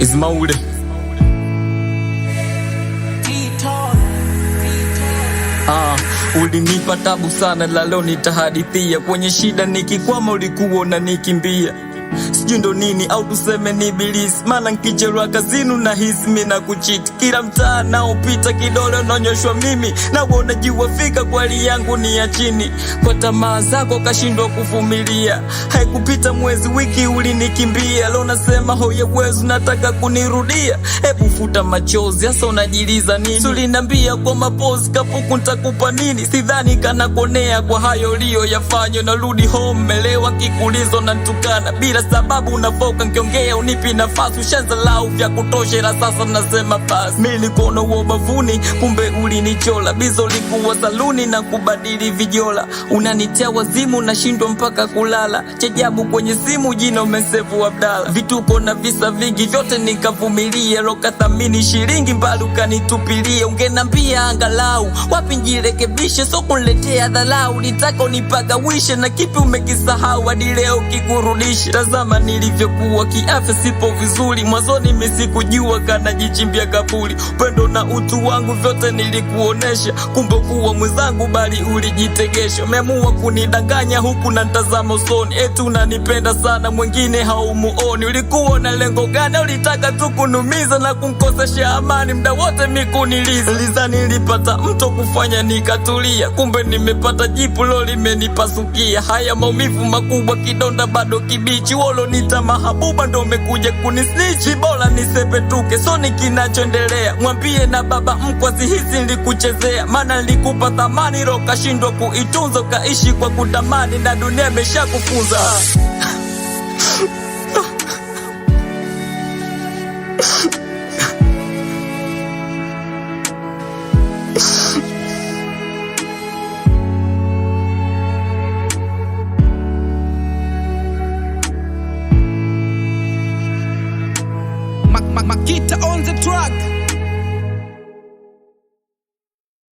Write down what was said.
Ismaule ah, ulinipa tabu sana, lalo nitahadithia. Kwenye shida nikikwama, ulikuona nikimbia sijui ndo nini au tuseme ni bilisi, maana nkicherwa kazini na mimi na kuchiti kila mtaa naopita, kidole naonyoshwa mimi na uonajiwa fika kwa hali yangu ni ya chini. Kwa tamaa zako kashindwa kuvumilia, haikupita mwezi wiki ulinikimbia, leo nasema hoye wezu nataka kunirudia. Hebu futa machozi, hasa unajiliza nini? Sulinambia kwa mapozi kapuku ntakupa nini? Sidhani kana konea kwa hayo liyo yafanya, narudi home melewa kikulizo na ntukana bila bila sababu unavoka nkiongea unipi nafasi ushanzalau vya kutoshera. Sasa nasema basi mimi niko na uobavuni, kumbe ulinichola bizo likuwa saluni na kubadili vijola, unanitia wazimu nashindwa mpaka kulala. Chajabu kwenye simu jina umesevu Abdala, vituko na visa vingi vyote nikavumilia, loka thamini shilingi mbali ukanitupilia, ungenambia angalau wapi njirekebishe, so kunletea dhalau, nitaka unipagawishe na kipi umekisahau hadi leo kikurudishe Tazama nilivyokuwa kiafya, sipo vizuri. Mwanzoni misikujua kana jichimbia kaburi, upendo na utu wangu vyote nilikuonesha, kumbe kuwa mwenzangu, bali ulijitegesha. Umeamua kunidanganya huku na ntazama usoni, eti eh, unanipenda sana, mwingine haumuoni. Ulikuwa na lengo gani? Ulitaka tu kunumiza na kumkosesha amani mda wote mikuniliza. Lizani nilipata mto kufanya nikatulia, kumbe nimepata jipu lo limenipasukia. Haya maumivu makubwa, kidonda bado kibichi nita mahabuba ndo umekuja kunisnichi, bola nisepetuke. Soni kinachoendelea mwambie na baba mkwazi, hizi nlikuchezea mana nlikupa thamani, roka kuitunza, kaishi kwa kutamani na dunia imeshakufunza Makita on the track.